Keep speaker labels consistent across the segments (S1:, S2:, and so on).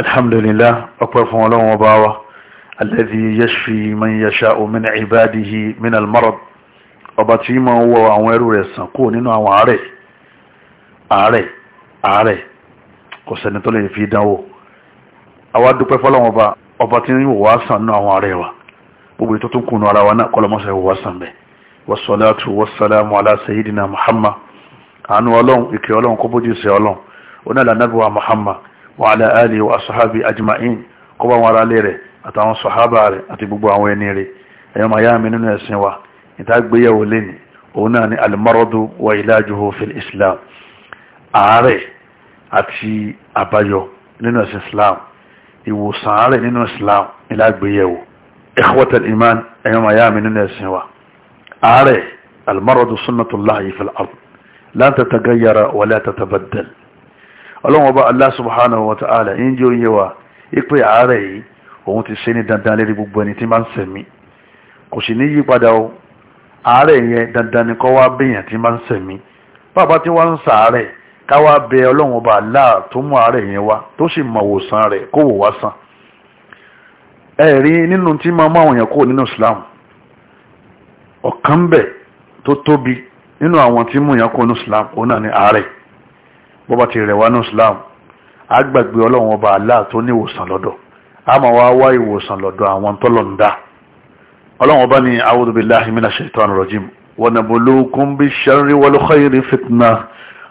S1: alhamdulillah ọpẹ́ fún ọlọ́run ọba wa alladhi yashfi man yasha'u min ibadihi min almarad ọba tí ma ń wọ àwọn ẹrú rẹ̀ sàn kúrò nínú àwọn àárẹ̀ àárẹ̀ àárẹ̀ kò sẹ́ni tó lè fi dánwò àwa dúpẹ́ fọlọ́run ọba ọba tí ń wò wá sàn nínú àwọn àárẹ̀ wa gbogbo ètò tó kùnú ara wa náà kọlọmọsẹ̀ wò wá sàn bẹ́ẹ̀ wasalaatu wasalaamu ala sayidina muhammad àánú ọlọ́run ìkẹ́ ọlọ́run kó bójú sí ọlọ́run onílànà wa ala alihi wa ashabi ajma'in kó bá wọn ara lé rẹ̀ àtàwọn sọ̀hábà rẹ̀ àti gbogbo àwọn ẹni rẹ̀ ẹ̀yọ́ máa yá mi nínú ẹ̀sìn wa ìtàgbéyàwó lẹ́ni òun náà ni almaradu wa ilajuhu fil islam àárẹ̀ àti àbáyọ nínú ẹ̀sìn islam ìwòsàn àárẹ̀ nínú islam ìlàgbéyàwó ikhwatal ọlọ́run ọba Allah subhanahu wa ta'ala yín jẹ́ òye wa ipe àárẹ̀ yìí òun ti ṣe ní dandan lérí gbogbo ẹni tí máa ń sẹ̀mí kò sì ní yí padà o àárẹ̀ yẹn dandan ni kọ́ wá béèyàn tí máa ń sẹ̀mí bàbá tí wọ́n ń sàárẹ̀ ká wá bẹ ọlọ́run ọba Allah tó mú àárẹ̀ yẹn wá tó sì mọ òwòsàn rẹ̀ kó wò wá sàn ẹ̀rí nínú tí máa máa wọ̀nyàn kó nínú Islam ọ̀kan bẹ̀ tó tóbi nínú àwọn tí mú yàn kó nínú Islam òun náà ni àárẹ̀ bọ́bá ti rẹ̀ wá ní islam á gbàgbé ọlọ́run ọba Allah tó ní ìwòsàn lọ́dọ̀ á máa wá wá ìwòsàn lọ́dọ̀ àwọn tọ́lọ̀ ń dá ọlọ́run ọba ní a'udhu billahi minash shaitani rajim wa nabluukum bish-sharri wal khayri fitna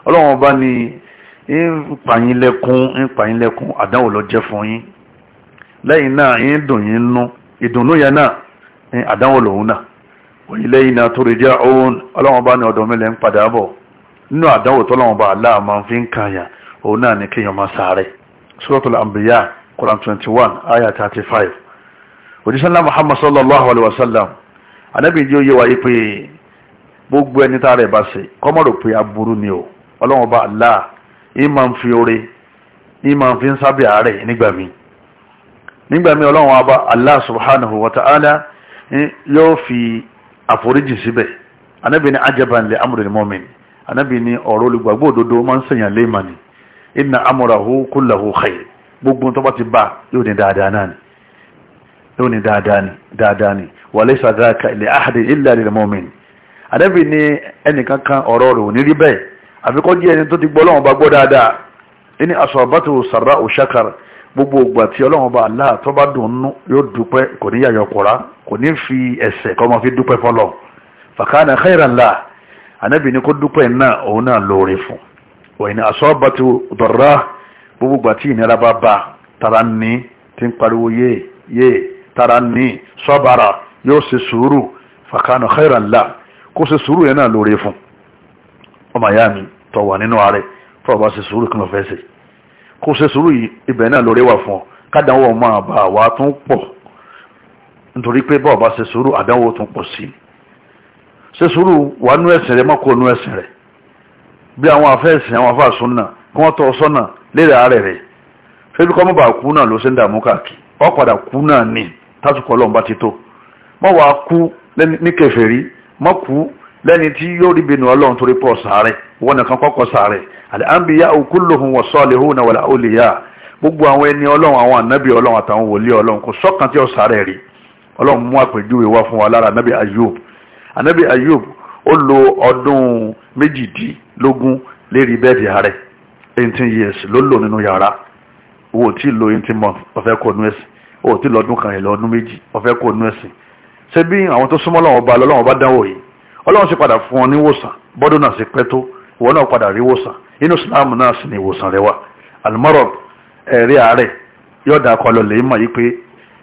S1: ọlọ́run ọba ní ìpàyínlẹ́kún ìpàyínlẹ́kún àdánwò ló jẹ́ fún yín lẹ́yìn náà yín dùn yín nú ìdùnnú yẹn náà àdánwò lòun náà wa ilayna turja'un ọlọ́run ọba ní ọ̀dọ̀ mi ń padà bọ̀ nínú àdánwò tọ́lọ́wọ́n bá aláà máa fi ń kàyà òun náà ní kéèyàn máa sáré suratul anbiya quran twenty one ayah thirty five òjísánlá muhammad sallallahu alayhi wa sallam anábì ìdí òye wáyé pé gbogbo ẹni tá a rẹ̀ bá ṣe kọ́mọ̀rò pé aburú ni o ọlọ́wọ́n bá aláà yìí máa ń fi oore yìí máa fi ń sábẹ́ àárẹ̀ nígbà míì nígbà míì ọlọ́wọ́n bá aláà subhanahu wa ta'ala yóò fi àforíjì síbẹ̀ anábì ní ajaban li amril mu'min anábì ni ọ̀rọ̀ olùgbàgbọ́ òdodo máa ń sèyàn léèmà ni inna amúrahu kullahu khayr gbogbo tó bá ti bá yóò ní dáadáa náà ni yóò ní dáadáa ni dáadáa ni wa laysa dhaka li ahadin illa lil mu'min anábì ni ẹnìkankan ọ̀rọ̀ rẹ̀ ò ní rí bẹ́ẹ̀ àfikọ́ jẹ́ ẹni tó ti gbọ́ lọ́wọ́ bá gbọ́ dáadáa ẹni asabatu sarra'u shakara gbogbo ògbà tí ọlọ́run bá aláà tó bá dùn nú yóò dúpẹ́ kò ní yàyọkùnrá kò ní fi ẹsẹ̀ kọ́ máa fi dúpẹ́ fọlọ́ fàkànà khairan anabi ni kó dúpẹ́ náà òun náà lóore fún òun ni asọ́bàtú dọ̀rọ̀ gbogbo gbà tí ìnira bá bá tara ní ti ń pariwo yé yé tara ní sọ́bàrà yóò ṣe sùúrù fàkànà khairan la kó ṣe sùúrù yẹn náà lóore fún ọmọ ìyá mi tó wà nínú ààrẹ fún ọba ṣe sùúrù kí fẹ́ ṣe kó ṣe sùúrù ibẹ̀ náà lóore wà fún ọ kádàáwọ̀ máa bá wa tún pọ̀ nítorí pé bọ́ọ̀ bá ṣe sùúrù àdánwò tún pọ̀ sí i Sesuru sùúrù wà nú ẹ̀sìn rẹ mọ́kò nú ẹ̀sìn rẹ bí àwọn afẹ́sìn àwọn afáàsùn náà kí wọ́n tọ́ ọ sọ́nà léèrè ààrẹ rẹ fẹ́bí kọ́ mọ́ba kú náà ló ṣe ń dààmú káàkiri wọ́n padà kú náà ní tásùkọ́ ọlọ́run bá ti tó mọ́ wàá kú ní kèfèrí mọ́ kú lẹ́ni tí yóò rí bínú ọlọ́run torí pọ̀ sàárẹ̀ wọn nìkan kọ́kọ́ sàárẹ̀ àlẹ́ àǹbíyá kulluhum wa salihuna wal awliya gbogbo àwọn ẹni ọlọ́run àwọn ànábì ọlọ́run àtàwọn wòlíì ọlọ́run kò sọ́kàn tí anabi ayub ó lo ọdún méjìdínlógún lérí bẹ́ẹ̀dì ààrẹ eighteen years ló lò nínú yàrá owó tí lo eighteen months ọ̀fẹ́ kò nú ẹ̀sìn owó tí lọ́dún kan yẹn lọ́dún méjì ọ̀fẹ́ kò nú ẹ̀sìn ṣé bí àwọn tó súnmọ́ lọ́wọ́ ba lọ́wọ́ bá dánwò yìí ọlọ́run sì padà fún ọ ní wòsàn bọ́dún náà sì pẹ́ tó ìwọ náà padà rí wòsàn inú islam náà sì ni ìwòsàn rẹ wà almarad ẹ̀rí ààrẹ yóò dà kọ́ lọ́lẹ̀ ìmọ̀ yìí pé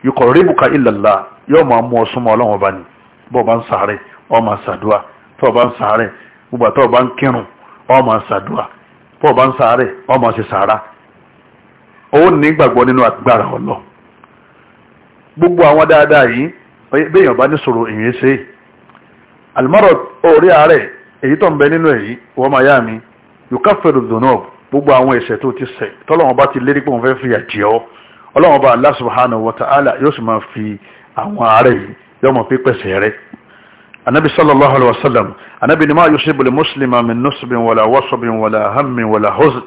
S1: yukọ̀ ríbùkà illallah yóò máa mú ọ súnmọ́ ọlọ́run ọba ni bọ́ọ̀ bá ń sàárẹ̀ ọ ma ṣàdúà tó ọba bá ń sàárẹ̀ gbogbo àtọ́ ọba bá ń ọ ma ṣàdúà tó ọba bá ń sàárẹ̀ ọ ma ṣe sàárà ó ní gbàgbọ́ nínú agbára ọlọ gbogbo àwọn dáadáa yìí béèyàn bá ní sọ̀rọ̀ èyí ṣe é àlùmọ́rọ̀ orí ààrẹ èyí tó ń bẹ nínú èyí wọ́n máa yá mi yukaffiru dhunub gbogbo àwọn ẹ̀ṣẹ̀ tó ti ṣẹ̀ tọ́lọ́wọ́n bá ti lérí pé wọ́n fẹ́ fi àjẹ́ ọ́ ọlọ́wọ́n bá Allah subhanahu wa ta'ala yóò sì máa fi àwọn ààrẹ yìí pípẹ́sẹ̀ rẹ̀ anabi sallallahu alaihi wasallam anabi ni ma yusibu li muslima min nusbin wala wasabin wala hammin wala huzn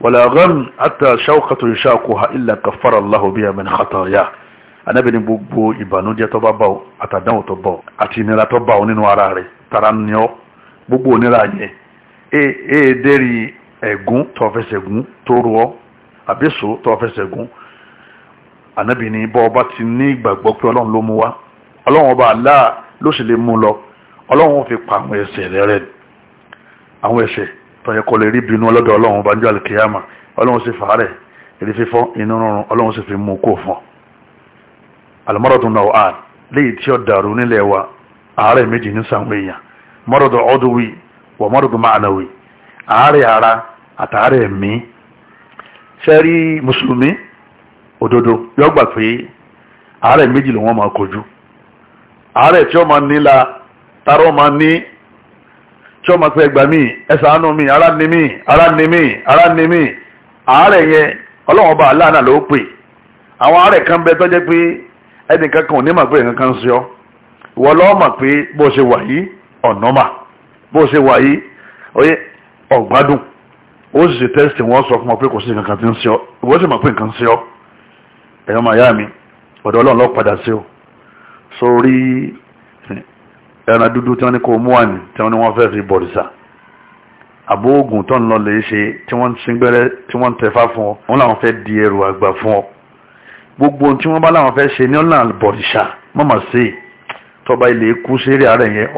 S1: wala gham hatta shawqatu yashaquha illa kaffara Allahu biha min khataaya anabi ni gbogbo ìbànújẹ́ tó bá báwo àtàdánwò tó báwo àti ìnira tó báwo nínú ara rẹ̀ tara ni ọ gbogbo onira yẹn e e deri ẹ̀gún tó fẹsẹ̀ gún tó ru ọ àbẹ́sọ tó fẹsẹ̀ gún anabi ni bọ́ ọba ti ní ìgbàgbọ́ pé ọlọ́run ló mú wa ọlọ́run ọba Allah ló sì lè mú lọ ọlọ́run fi pa àwọn ẹsẹ̀ rẹ̀ àwọn ẹsẹ̀ tó yẹ kó lè rí bínú ọlọ́dọ̀ ọlọ́run bá ń jọ àlùkìyàmà ọlọ́run sì fàárẹ̀ èdè fífọ́ inú rọrùn ọlọ́run sì fi mú kó fún wa àárẹ̀ méjì ní sàwọn èèyàn mọ́rọ̀dún ọdúnwì wọ mọ́rọ̀dún àárẹ̀ ara àtàárẹ̀ sẹ́rí mùsùlùmí òdodo ààrẹ tí ó máa nílà tarọ́ máa ní tí ó máa gbà mí mi ara ni mí ara ni mí ara ni mí ala yẹn ọlọ́wọ́n bá aláàánà ló pè àwọn ààrẹ kan bẹ tó pé ẹnìkan kan ò ní mà pé nǹkan kan sí wọ́n lọ́ọ́ mà pé bó ṣe wà yìí ọ̀nà mà bó ṣe wà yìí oyè ọ̀gbádùn ó sì ṣe tẹ́sítì wọ́n ọ sórí ẹran dúdú tí wọ́n ní kó mú wà ní tí wọ́n ní wọ́n fẹ́ fi bọ̀rìṣà àbó oògùn tó ń lọ lè ṣe tí wọ́n ń síngbẹ́rẹ́ tí wọ́n ń tẹ̀fá fún ọ wọn làwọn fẹ́ di ẹrù àgbà fún ọ gbogbo ohun tí wọ́n bá làwọn fẹ́ ṣe ní ọ̀là bọ̀rìṣà mọ̀mọ́ sí i tọ́ba ilé kú sérè ààrẹ yẹn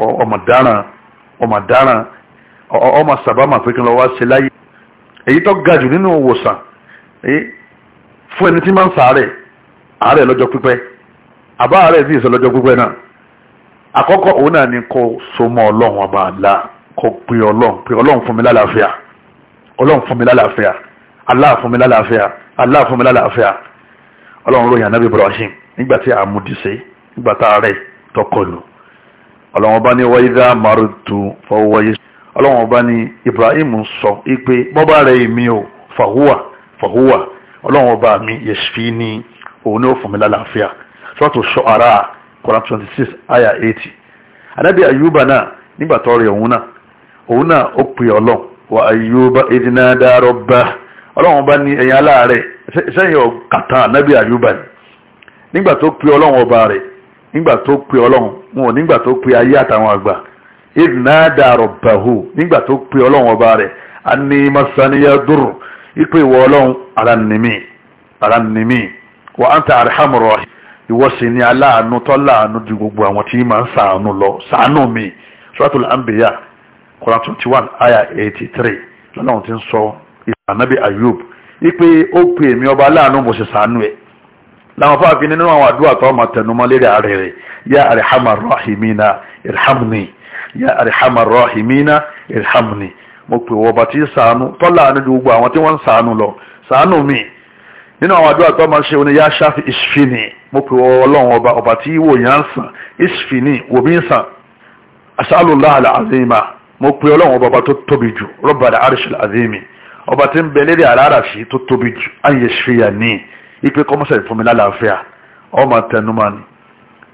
S1: ọmọ dáràn ọmọ sàbámà pé kí n lọ wá ṣe láyé èyí tó ga jù nínú òwòsàn fún ẹni tí máa ń sàárẹ̀ àárẹ̀ lọ́jọ́ pípẹ́ àbá rẹ̀ sì ìsọlọ́jọ́ gbogbo ẹ̀ náà àkọ́kọ́ òun náà ni kó so mọ́ ọlọ́run ọba àlá kó pe ọlọ́run pe ọlọ́run fún mi lálàáfíà ọlọ́run fún mi lálàáfíà Allah fún mi lálàáfíà Allah fún mi lálàáfíà ọlọ́run ròyìn anábì Ibrahim nígbà tí àmúdìsẹ́ nígbà tá a rẹ̀ tọkọlù ọlọ́run ọba ní wáyé dá márùtù fọwọ́yé ọlọ́run ọba ní Ibrahim sọ ipe bọ́bá rẹ̀ mi ò fàhùwà fàhùwà ọlọ́run ọba mi yẹ̀sìfì ní òun ní ó fún mi lálàáfíà sọ́tò ṣọ́ara Quran twenty six aya eighty anabi ayuba náà nígbà tó rẹ̀ òun náà òun náà ó pè ọlọ́n wa ayuba idina dárọ́ bá ọlọ́run bá ní ẹ̀yìn aláàárẹ̀ sẹ́yìn ọ̀kàtà anabi ayuba ni nígbà tó pè ọlọ́run ọba rẹ̀ nígbà tó pè ọlọ́run wọn nígbà tó pè ayé àtàwọn àgbà idina dárọ́ bá hù nígbà tó pè ọlọ́run ọba rẹ̀ a masaniya dùrù ipe ìwọ ọlọ́run ara nìmí ara nìmí wa anta arhamur rahim ìwọ sì ni aláàánú tọ́láàánú ju gbogbo àwọn tí máa ń sàánú lọ sàánú mi suratul anbiya Quran twenty one aya eighty three lọ́nà tí ń sọ ìsànábì Ayub ipe ó pe èmi ọba aláàánú mo sì sàánú ẹ̀ làwọn fáàfin nínú àwọn àdúrà tó ọmọ tẹnumọ́ lérí ààrẹ rẹ̀ ya arhamar rahimina irhamni ya arhamar rahimina irhamni mo pè wọ́n bàtí sàánú tọ́láàánú ju gbogbo àwọn tí wọ́n ń sàánú lọ sàánú mi nínú àwọn àdúrà tó máa ń ṣe òní yá ṣáfi ìṣfìní mo pè ọ ọlọ́run ọba ọba tí wò yá ń sàn ìṣfìní wò mí ń sàn as'alullah al-azima mo pè ọlọ́run ọba ọba tó tóbi jù rabbal arshil azimi ọba tí ń bẹ lédè àràrà sí tó tóbi jù ayé ṣfìyà ní ipe kọ́mọ́sẹ̀ fún mi lálàáfíà ọmọ tẹnumọ́ ni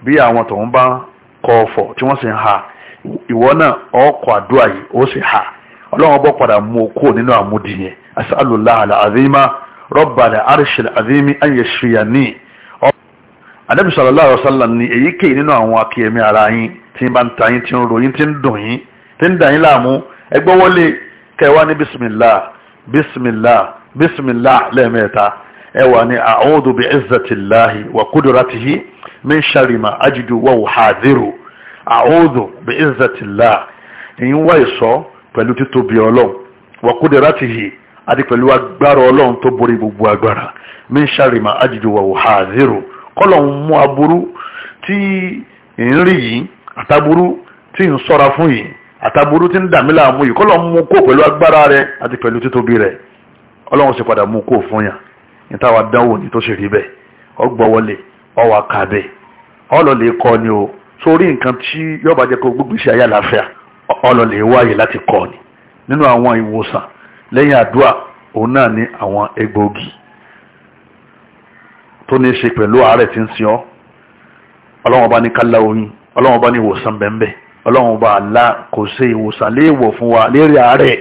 S1: bí àwọn tó ń bá kọ ọ̀fọ̀ tí wọ́n sì ń ha ìwọ náà ọkọ̀ àdúrà yìí ó sì ha ọlọ́run ọba padà mú okó nínú àmúdìyẹn as'alullah al-azima rọ́bàlẹ̀ arṣẹ̀lẹ̀ àdínmí ayẹ̀ṣìyàní ànábì sallallahu alaihi wasallam ni èyíkéyìí nínú àwọn akíyèmí ara yín tí ń bá ń ta yín tí ń ròyìn tí ń dùn yín tí ń dà yín láàmú ẹgbẹ́ wọlé kẹwàá ní bisimilá bisimilá bisimilá lẹ́ẹ̀mẹ́ta ẹwà ní a'udhu bi izzatillahi wa qudratihi min sharri ajidu wa uhadhiru a'udhu bi izzatillahi ìyín wá ìsọ pẹ̀lú títóbi ọlọ́run wa qudratihi àti pẹ̀lú agbára ọlọ́run tó borí gbogbo agbára min sharri ma ajidu wa uhadhiru kọ́lọ̀hún mú aburú tí ń rí yìí àtaburú tí ń sọ́ra fún yìí àtaburú tí ń dàmí láàmú yìí kọ́lọ̀hún mú kó pẹ̀lú agbára rẹ àti pẹ̀lú títóbi rẹ ọlọ́run sì padà mú kó fún yàn ní táwa dánwò ní tó ṣe rí bẹ́ẹ̀ ọgbọ́wọlé ọwà kàbẹ́ ọlọ́lẹ̀ kọ́ ni o sórí nǹkan tí yọba jẹ́ kó gbogbo iṣẹ́ ayé àlàáfíà ọlọ́lẹ̀ wáyé láti kọ́ ni nínú àwọn ìwòsàn lẹ́yìn àdúrà òun náà ní àwọn egbòogi tó ní í ṣe pẹ̀lú àárẹ̀ tí ń sin ọ́ ọlọ́wọ́n bá ní kálá oyin ọlọ́wọ́n bá ní ìwòsàn bẹ́ẹ̀ ọlọ́wọ́n bá àlá kò ṣe ìwòsàn léèwọ̀ fún wa léèrè àárẹ̀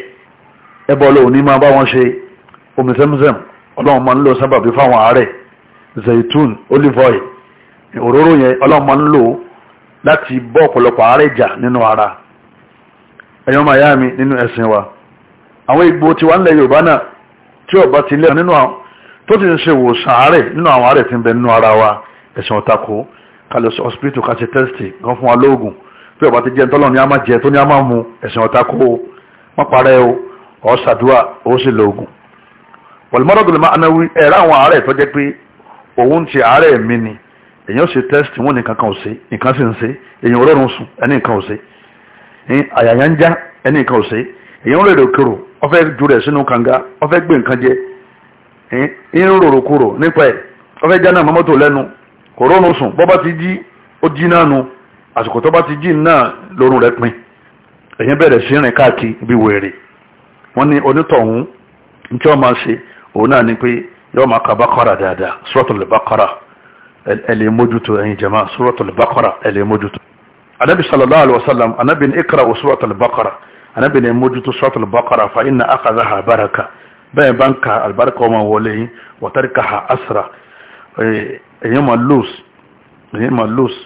S1: ẹbọ lóun ní máa bá wọn ṣe omi zemzem ọlọ́wọ́n máa ń lò sábàbí fáwọn àárẹ̀ zaitun olive oil òróró yẹn ọlọ́wọ́n máa ń lò láti bọ́ ọ̀pọ̀lọpọ̀ àárẹ̀ jà nínú ara ẹ̀yọ́ màyá mi nínú ẹ̀sìn wa àwọn igbó tí wà ń lẹ yorùbá náà tí ọba ti lẹ́nu nínú àwọn tó ti ń ṣe wòsàn àárẹ̀ nínú àwọn àárẹ̀ tí ń bẹ nínú ara wa ẹ̀sìn ọ̀tako kalẹ̀ hospital ká ṣe tẹ́sítì gan fún wa lóògùn tí ọba ti jẹ́ ntọ́lọ́ ní a máa jẹ tó ní a mu ẹ̀sìn ọ̀tako má parẹ́ o ọ̀ ṣàdúrà ó sì lóògùn. wọ̀lùmọ́dọ́gbọ̀lù máa náwó ẹ̀rọ àwọn àárẹ̀ tó jẹ́ pé òun ti àárẹ̀ mi ni èyàn ṣe tẹ́sítì wọn nìkan kan ò ṣe nǹkan sì ń ṣe ọfẹ́ ju rẹ̀ sínú kànga ọfẹ́ gbé nǹkan jẹ ń rorò kúrò nípa ẹ̀ ọfẹ́ jáná mọ́mọ́tò lẹ́nu kò rọrùn sùn bọ́ bá ti jí ó jí náà nu àsìkò tó bá ti jí náà lórun rẹ̀ pin ẹ̀yìn bẹ̀rẹ̀ sí rìn káàkiri bí wèrè wọ́n ní onítọ̀hún ní tí ṣe òun náà ni pé yọ́ọ́ máa ka bákọ́ra dáadáa suratul bákọ́ra ẹ̀lẹ́ mójútó ẹ̀yin jama suratul bákọ́ra ẹ̀lẹ́ mójútó. anabi sallallahu alayhi wa sallam anabi ni ikra suratul bákọ́ra anábìnrin mójútó suratul baqara fa inna akhadhaha baraka bẹ́ẹ̀ bá ń ka àlùbáríkà ọmọ wọlé yín wa tarkaha asra èyàn máa lose èyàn máa lose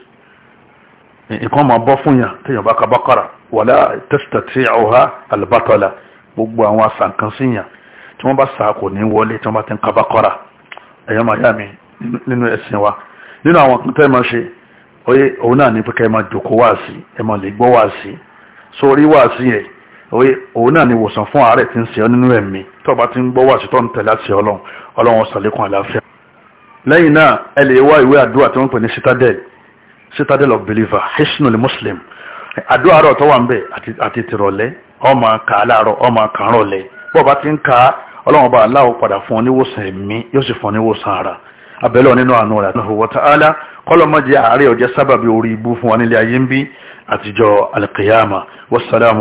S1: nǹkan máa bọ́ fún yàn téèyàn bá ka baqara wala tastati'uha al-batala gbogbo àwọn àsànkàn sí yàn tí wọ́n bá sà kò ní wọlé tí wọ́n bá ti ń ka baqara èyàn máa yá mi nínú ẹ̀sìn wa nínú àwọn kan tẹ́ máa ṣe òun náà ní pé ká ẹ máa jòkó wáàsí ẹ máa lè gbọ́ wáàsí sórí wáàsí yẹn òun náà ni wòsàn fún àárẹ̀ tí ń ṣe ọ́ nínú ẹ̀mí tó bá ti ń gbọ́ wàásù tó ń tẹ̀lé àṣẹ ọlọ́run ọlọ́run ṣàlékún àlàáfíà. lẹ́yìn náà ẹ lè wá ìwé àdúrà tí wọ́n pè ní citadel citadel of believer hisnul muslim àdúrà rẹ̀ tó wà ń bẹ̀ àti tìrọ̀lẹ́ ọmọ kà á láàárọ̀ ọmọ kà á rọ̀lẹ́ bó bá ti ń ka ọlọ́run bá aláwọ̀ padà fún ọ níwòsàn ẹ̀mí yóò sì fún ọ níwòsàn ara abẹ́lẹ̀ nínú àánú rẹ̀ àti wa ta'ala kọ́lọ́mọ́jẹ́ àárẹ̀ ọ̀jẹ́ sábàbí orí ibú fún wa nílé ayé ń bí